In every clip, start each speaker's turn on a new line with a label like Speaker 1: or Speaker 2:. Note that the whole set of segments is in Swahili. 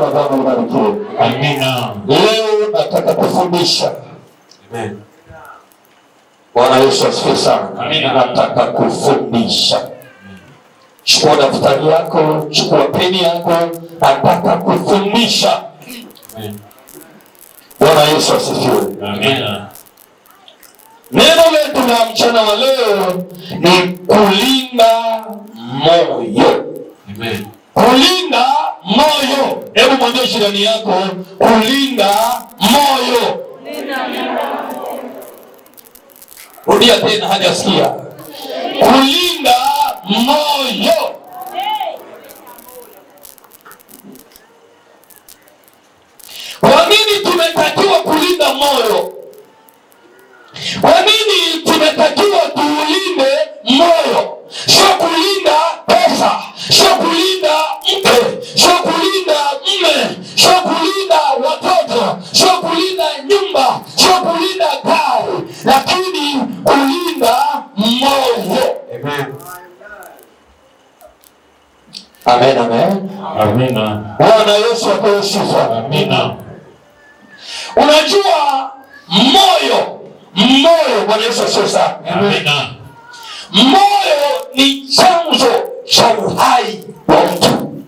Speaker 1: jina la Bwana libarikiwe.
Speaker 2: Amina.
Speaker 1: Leo nataka kufundisha. Amen. Bwana Yesu asifiwe sana. Amina. Nataka kufundisha. Chukua daftari yako, chukua peni yako, nataka kufundisha. Amen. Bwana Yesu asifiwe.
Speaker 2: Amina.
Speaker 1: Neno letu la mchana wa leo ni kulinda moyo. Amen kulinda moyo. Hebu mwambie shirani yako, kulinda moyo. Rudia tena, hajasikia. Kulinda moyo. Kwa nini tumetakiwa kulinda moyo? Amina. Bwana Yesu apewe sifa. Amina. Unajua moyo, moyo Bwana Yesu asifiwe sana. Amina. Moyo ni chanzo cha uhai wa mtu.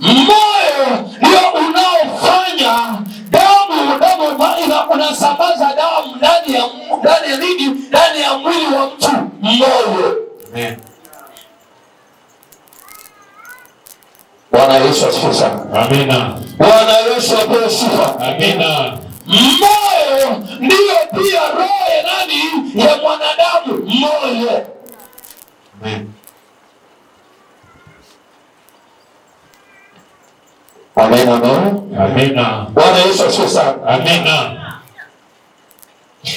Speaker 1: Moyo ndio unaofanya damu damu ina unasambaza damu ndani ya ndani ya nini? Ndani ya mwili wa mtu, moyo. Amen. Bwana Yesu asifiwe sana. Amina. Bwana Yesu apewe sifa.
Speaker 2: Amina.
Speaker 1: Moyo ndiyo pia roho ya nani? Ya mwanadamu moyo. Amen. Amina.
Speaker 2: Amina.
Speaker 1: Bwana Yesu asifiwe sana.
Speaker 2: Amina.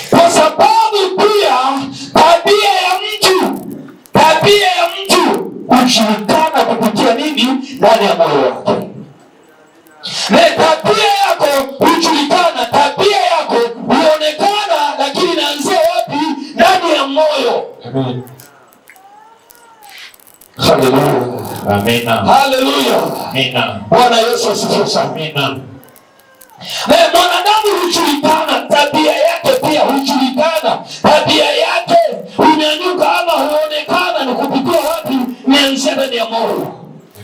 Speaker 1: Kwa sababu pia tabia ya mtu tabia ya mtu kushirikana kupitia nini ndani ya moyo wake. Na tabia yako hujulikana, tabia yako huonekana, lakini inaanzia wapi? Ndani ya moyo. Haleluya, Bwana Yesu asifiwe
Speaker 2: sana.
Speaker 1: Mwanadamu hujulikana tabia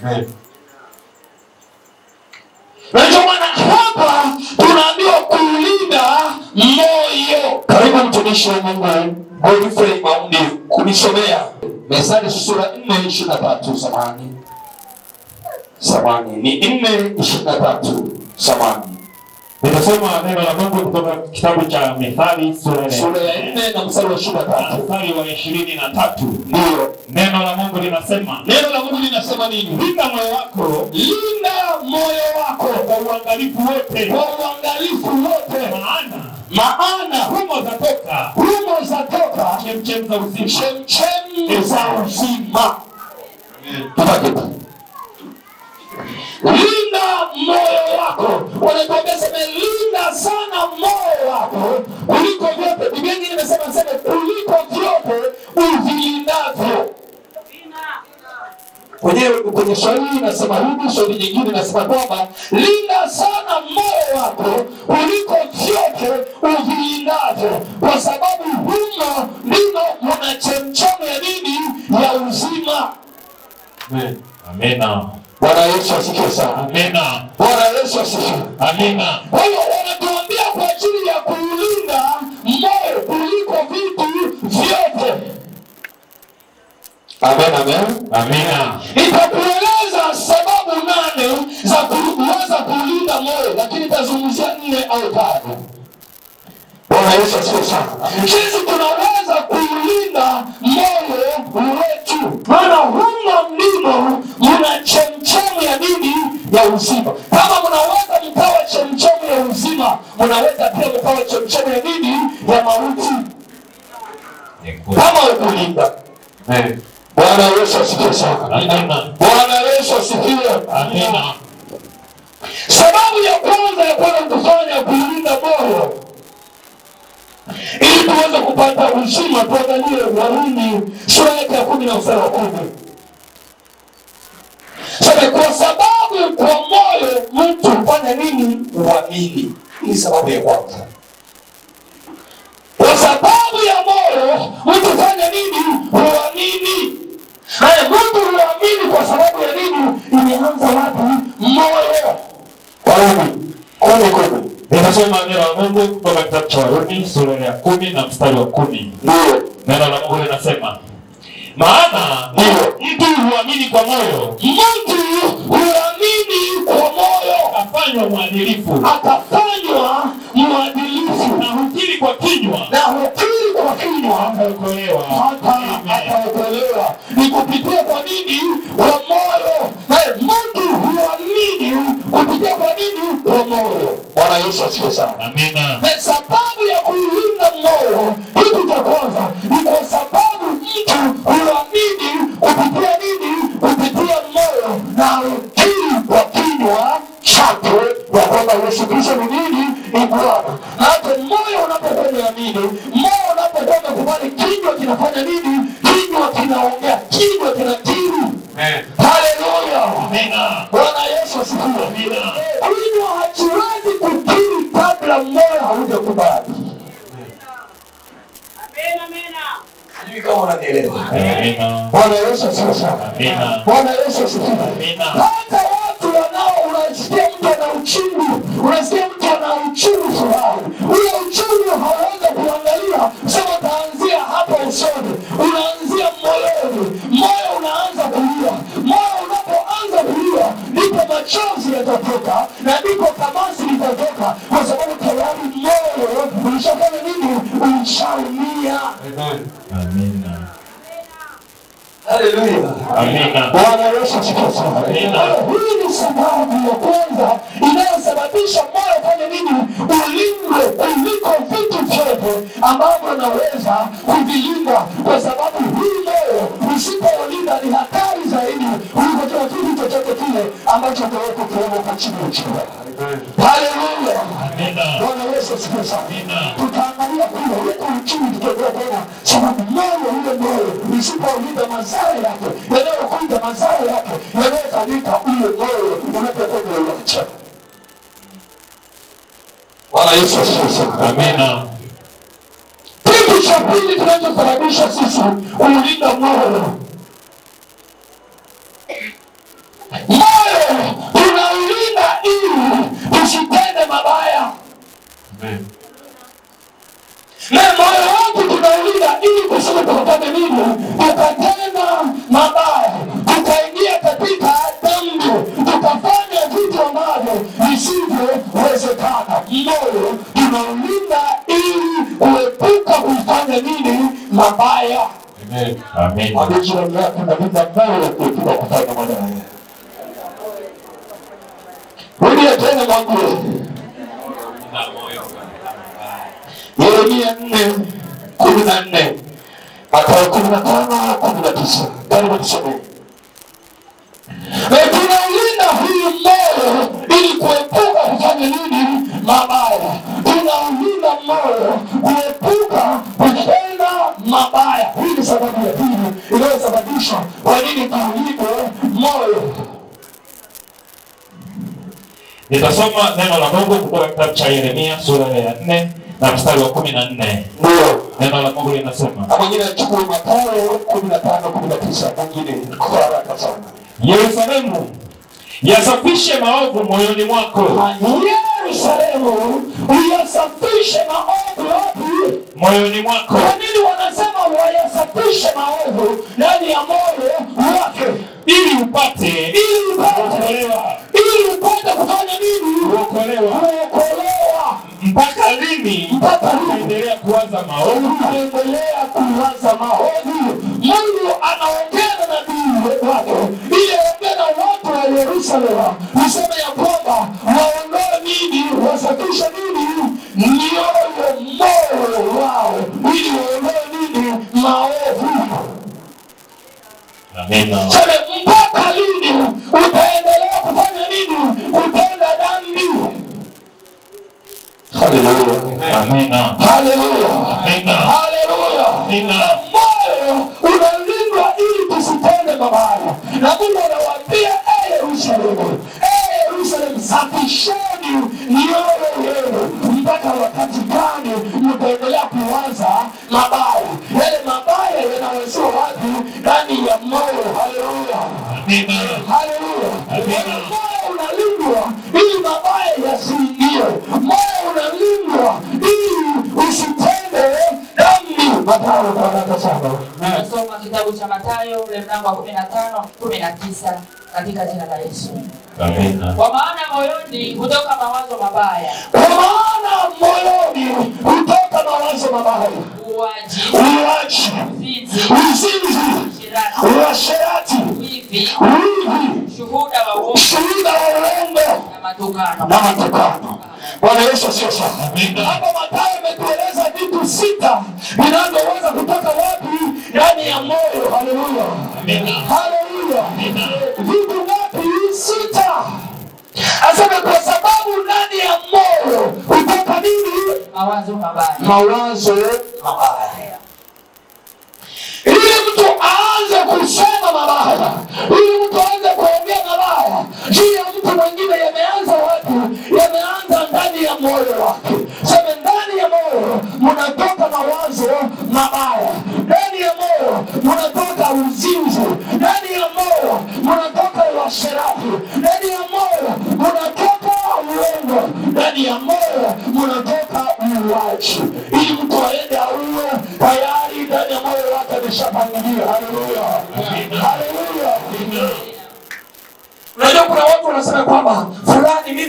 Speaker 1: Amen. Na ndio maana hapa tunaambiwa kulinda moyo. Karibu mtumishi wa Mungu Godfrey Maundi kunisomea Methali sura nne ishirini na tatu samani samani ni nne ishirini na tatu samani Ninasoma neno la Mungu kutoka kitabu cha Mithali sura ya 4 na mstari wa 23. Mithali wa 23. Ndio. Neno la Mungu linasema. Neno la Mungu linasema nini? Linda moyo wako. Linda moyo wako kwa uangalifu wote. Kwa uangalifu wote. Maana maana humo zatoka. Humo zatoka chemchem za uzima. Chemchem za uzima. Amen. Linda moyo wako, wanakwambia sema linda sana moyo wako kuliko vyote. Biblia nyingine imesema sema kuliko vyote uvilindavyo kwenyewe kwenye shairi nasema hivi, shairi nyingine nasema kwamba linda sana moyo wako kuliko vyote uvilindavyo, kwa sababu humo ndimo muna chemchemi ya nini, ya uzima. Amen. Amen. Bwana Yesu asifiwe sana. Amina. Bwana Yesu asifiwe.
Speaker 2: Amina.
Speaker 1: Kwa hiyo wanatuambia kwa ajili ya kuulinda moyo kuliko vitu vyote. Amen, amen.
Speaker 2: Amina.
Speaker 1: Itakueleza sababu nane za kuweza kulinda moyo, lakini tazungumzia nne au tano. Bwana Yesu asifiwe sana. Sisi tunaweza kuulinda moyo wetu. Maana ya uzima. Kama mnaweza mkawa chemchemu ya uzima, mnaweza pia mkawa chemchemu ya nini, ya mauti, kama ukulinda Bwana Yesu asifiwe sana. Bwana Yesu asifiwe. Amina. Sababu ya kwanza ya kwanza kufanya kuilinda moyo ili tuweze kupata uzima, tuangalie Warumi sura yake ya kumi na mstari wa kumi. Sema kwa sababu sababu kwa moyo mtu fanya nini? Uamini. Ni sababu ya kwanza. Kwa sababu ya moyo mtu fanya nini? Uamini. Haya, mtu uamini kwa sababu ya nini? Imeanza wapi? Moyo. Kwa Warumi kumi kumi Nikasoma neno la Mungu kutoka kitabu cha Warumi sura ya kumi na mstari wa kumi. Ndio neno la Mungu linasema maana mtu huamini kwa moyo, mtu huamini kwa moyo akafanywa mwadilifu, akafanywa mwadilifu, na hukiri kwa kinywa, na hukiri kwa kinywa ataokolewa, ataokolewa. Ni kupitia kwa nini? Kwa moyo. Mtu huamini kupitia kwa nini? Kwa moyo. Bwana Yesu asifiwe sana.
Speaker 2: Amina.
Speaker 1: Yesu Kristo ni nini? Ni Bwana. Hata moyo unapokuwa umeamini, moyo unapokuwa umekubali, kinywa kinafanya nini? Kinywa kinaongea, kinywa kinakiri. Haleluya, Bwana Yesu asifiwe. Kinywa hakiwezi kukiri kabla moyo haujakubali. Bwana Yesu asifiwe
Speaker 2: sana.
Speaker 1: Bwana Yesu asifiwe. mazao yako yanayokuja, mazao yako yanayozalika uye wewe unapokuwa unaiacha. Bwana Yesu asifiwe. Amina. Kitu cha pili kinachosababisha sisi kuulinda moyo, moyo tunaulinda ili usitende mabaya. Na moyo wetu tunaulinda ili kusema tukapate nini? Tukatende mabaya, utaingia katika dhambi, utafanya vitu ambavyo visivyowezekana. Moyo tunaulinda ili kuepuka kufanya nini? Mabaya. Rudia tena mwangu. Yeremia nne kumi na nne mpaka kumi na tano Yesu karibu tusome. Tunaulinda huyu moyo ili kuepuka kufanya nini? Mabaya. Tunaulinda moyo kuepuka kutenda mabaya. Hii ni sababu ya pili inayosababisha kwa nini tuulinde moyo. Nitasoma neno la Mungu kutoka kitabu cha Yeremia sura ya 4 na mstari wa 14. Ndio. Neno la Mungu linasema mwingine achukue Mathayo 15:19 mwingine Yerusalemu, yasafishe maovu moyoni mwako. Yerusalemu, uyasafishe maovu Moyoni mwako. Kwa nini wanasema wayasafishe maovu ndani ya moyo wake? Ili upate, ili upate kuokolewa, ili upate kufanya nini? Kuokolewa, kuokolewa mpaka lini? Mpaka endelea kuwaza maovu, endelea kuwaza maovu. Mungu anaongea na nabii wake, ili aongee na watu wa Yerusalemu, kusema ya kwamba waondoe nini, wasafishe nini mioyo, moyo wao, ili waondoe nini maovu. Amina. Mpaka lini utaendelea kufanya nini? Kutenda dhambi Haleluya. Haleluya. Haleluya.
Speaker 2: Haleluya.
Speaker 3: katika jina la Yesu. Amina. Kwa maana moyoni hutoka mawazo mabaya.
Speaker 1: Kwa maana moyoni hutoka mawazo mabaya.
Speaker 3: Uaji.
Speaker 1: Uaji. Uzinzi. Uasherati.
Speaker 3: Wivi. Shuhuda wa uongo.
Speaker 1: Shuhuda wa uongo.
Speaker 3: Na matukano.
Speaker 1: Na matukano. Bwana Yesu asifiwe
Speaker 2: sana.
Speaker 1: Hapo Mathayo ametueleza vitu sita vinavyoweza kutoka wapi? Ndani ya moyo. Haleluya, haleluya. Vitu ngapi? Sita. Asema kwa sababu ndani ya moyo kutoka nini?
Speaker 3: Mawazo mabaya.
Speaker 1: Mawazo
Speaker 3: mabaya
Speaker 1: ili mtu aanze kusema mabaya, ili mtu aanze kuongea mabaya juu ya mtu mwingine. Yameanza wapi? Yameanza ndani ya moyo wake. Sema ndani ya moyo mnatoka mawazo mabaya, ndani ya moyo mnatoka uzinzi, ndani ya moyo mnatoka uasherati, ndani ya moyo mnatoka uongo, ndani ya moyo mnatoka uuaji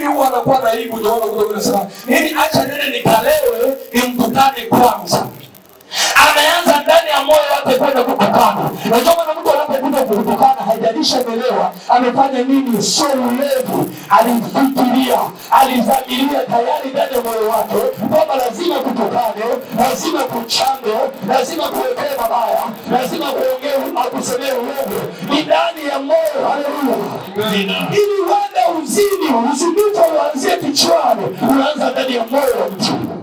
Speaker 1: huwa anakuwa na aibu, ndio anakuja kunasema nini, acha nene nikalewe, nimkutane kwanza ameanza ndani ya moyo wake kwenda kutukana. Najua maana mtu anapokuja kukutana haijalishi amelewa amefanya nini, sio ulevu, alifikiria alidhamiria tayari ndani ya moyo wake kwamba lazima kutukane, lazima kuchange, lazima kuwekee mabaya, lazima kuongee akusemee ulevu, ni ndani ya moyo. Haleluya! ili uende uzini, uzinifu uanzie kichwani, unaanza ndani ya moyo wa mtu.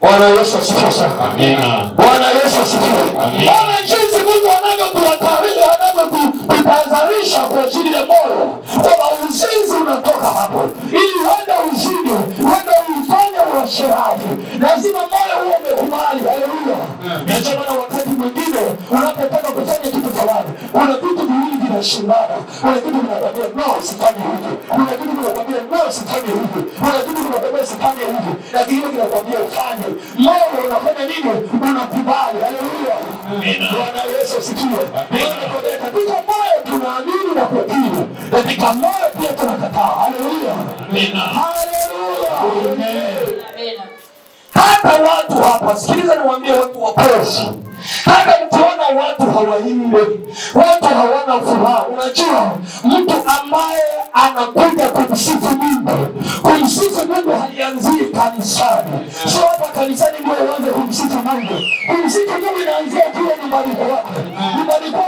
Speaker 1: Bwana Yesu asifiwe. sana.
Speaker 2: Amina.
Speaker 1: Bwana Yesu asifiwe. Amina. Bwana jinsi Mungu anavyokuwatarisha anavyokuitazarisha kwa ajili ya moyo Kwa uzinzi unatoka hapo, ili uende uzidi, uende uifanye uasherati, lazima moyo huo umekubali. Haleluya. Ndiyo maana wakati mwingine unapotaka kufanya kitu fulani, kuna vitu viwili vinashindana, kuna kitu kinakwambia no, usifanye hivi, kuna kitu kinakwambia no, usifanye hivi, kuna kitu usifanye hivyo, lakini hilo kinakwambia ufanye. Moyo unafanya nini? Unakubali. Haleluya, Bwana Yesu asifiwe. Katika moyo tunaamini na kutii, katika moyo pia tunakataa. Haleluya, haleluya. Hata watu hapa, sikiliza niwaambie, watu wapofu hata mkiona watu hawaimbe, watu hawana furaha, unajua mtu ambaye anakuja kanisani, sio hapa kanisani mwe uanze kumsifu Mungu. Kumsifu Mungu inaanzia kule nyumbani kwako, nyumbani kwako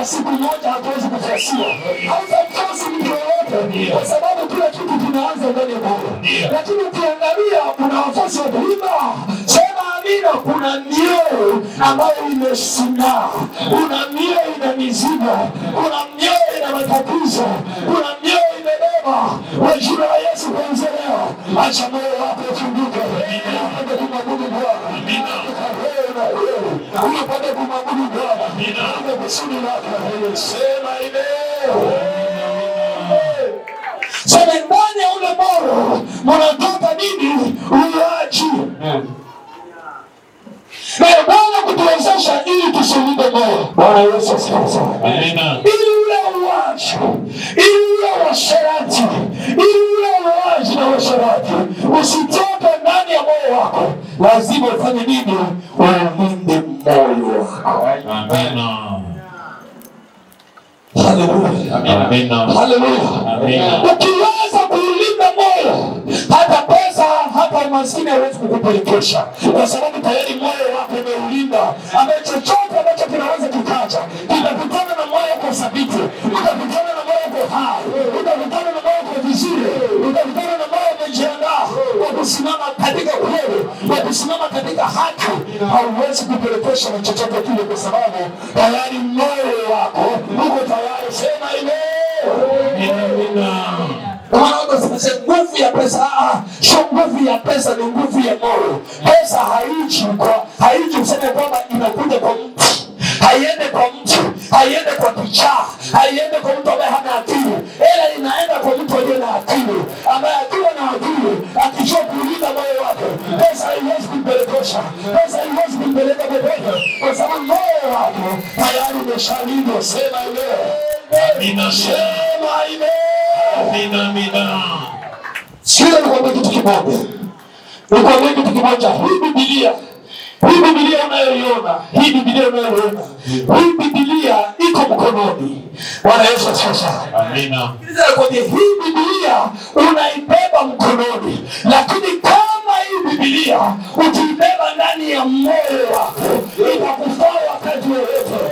Speaker 1: kwa siku moja hatuwezi kufasiwa, hautatosi mtu yoyote, kwa sababu kila kitu kinaanza ndani ya Mungu. Lakini ukiangalia kuna wafasi wa kuimba, sema amina, kuna mioyo ambayo imesimaa kuna mioyo ina mizigo, kuna mioyo ina matatizo, kuna mioyo imebeba. Kwa jina la Yesu kuanzia leo, acha moyo wako ufunguke, kumwabudu
Speaker 2: Bwana
Speaker 1: na huyo upate kumwabudu Bwana
Speaker 2: ninaanza
Speaker 1: kusudi lake sema leo sema ndani ya ule moyo mnataka nini uachi na Bwana kutuwezesha ili tusilinde moyo. Bwana Yesu asifiwe. Amina. Ili ule uachi, ili ule uasherati, ili ule uachi na uasherati usitoke ndani ya moyo wako, lazima ufanye nini? Uamini Ukiweza kuulinda moyo, hata pesa hata maskini hawezi kukupelekesha, kwa sababu tayari moyo wako umeulinda, ambaye chochote ambacho kinaweza kikaja, kitakutana na moyo kwa thabiti, utakutana na moyo kwa hai, utakutana na moyo vizuri, utakutana na ambao wamejiandaa kusimama katika kweli, kusimama katika haki. Hauwezi kupelekesha na chochote kile, kwa sababu tayari moyo wako uko tayari. Sema nguvu ya pesa ah, sio nguvu ya pesa, ni nguvu ya moyo. Pesa haiji kwa haiji, useme kwamba inakuja kwa mtu, haiende kwa mtu, haiende kwa kichaa haiende shalino sema amina, sema
Speaker 2: amina, amina.
Speaker 1: Sio nikwambia kitu kimoja, nikwambia kitu kimoja. Hii Biblia, hii Biblia unayoiona, hii Biblia unayoiona, hii Biblia iko mkononi. Bwana Yesu asifiwe. Amina. Hii Biblia unaibeba mkononi, lakini kama hii Biblia utaibeba ndani ya moyo wako itakufaa wakati wowote.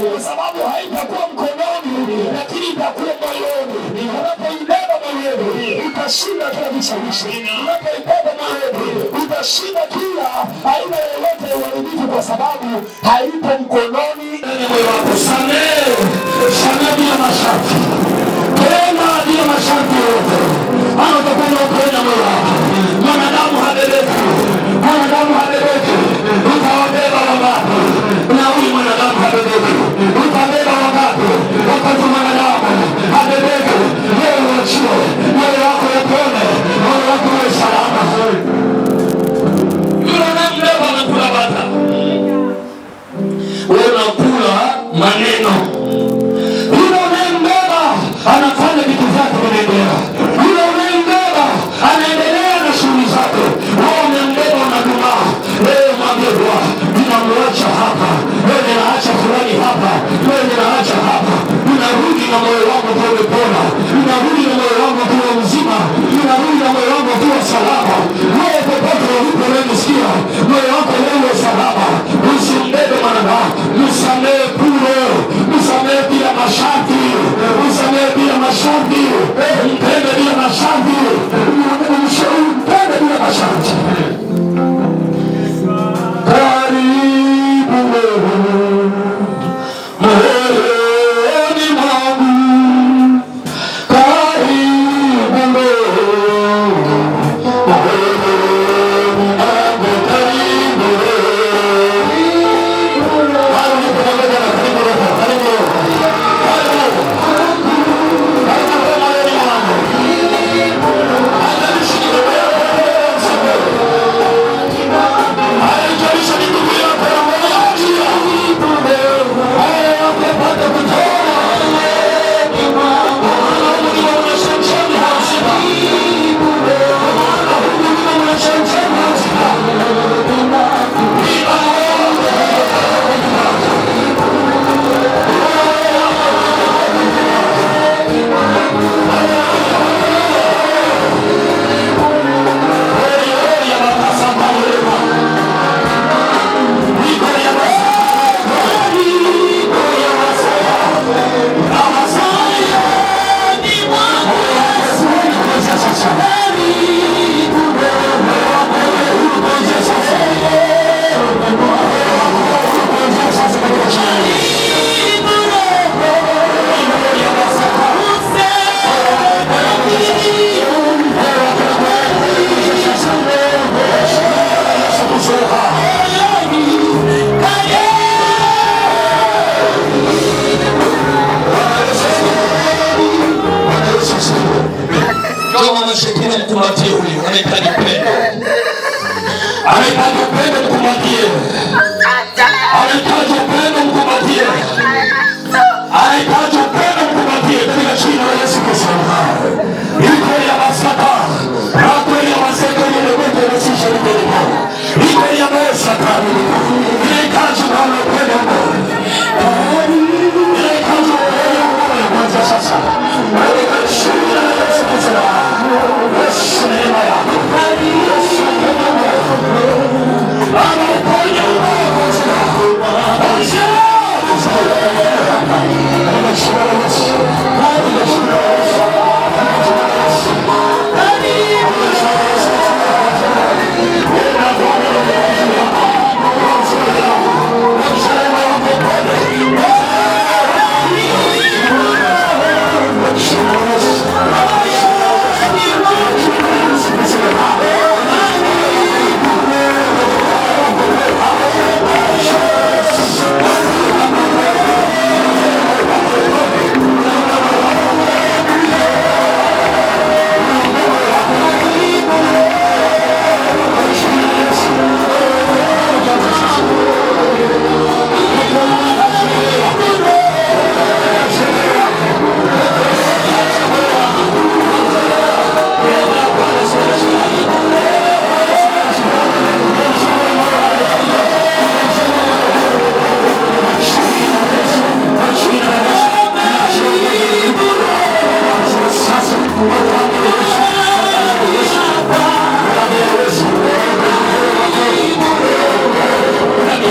Speaker 1: kwa sababu haitakuwa mkononi, lakini itakuwa moyoni. Unapoibeba moyoni, utashinda kila vishawishi. Unapoibeba moyoni, utashinda kila aina yoyote ya uharibifu, kwa sababu haipo mkononi. uachiwe, moyo wako upone, moyo wako uwe salama. Yule anayembeba anakula bata, wewe unakula maneno. Yule anayembeba anakula masharti, usamehe bila masharti, mpende bila masharti, mpende bila masharti.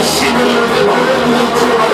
Speaker 1: 死ぬ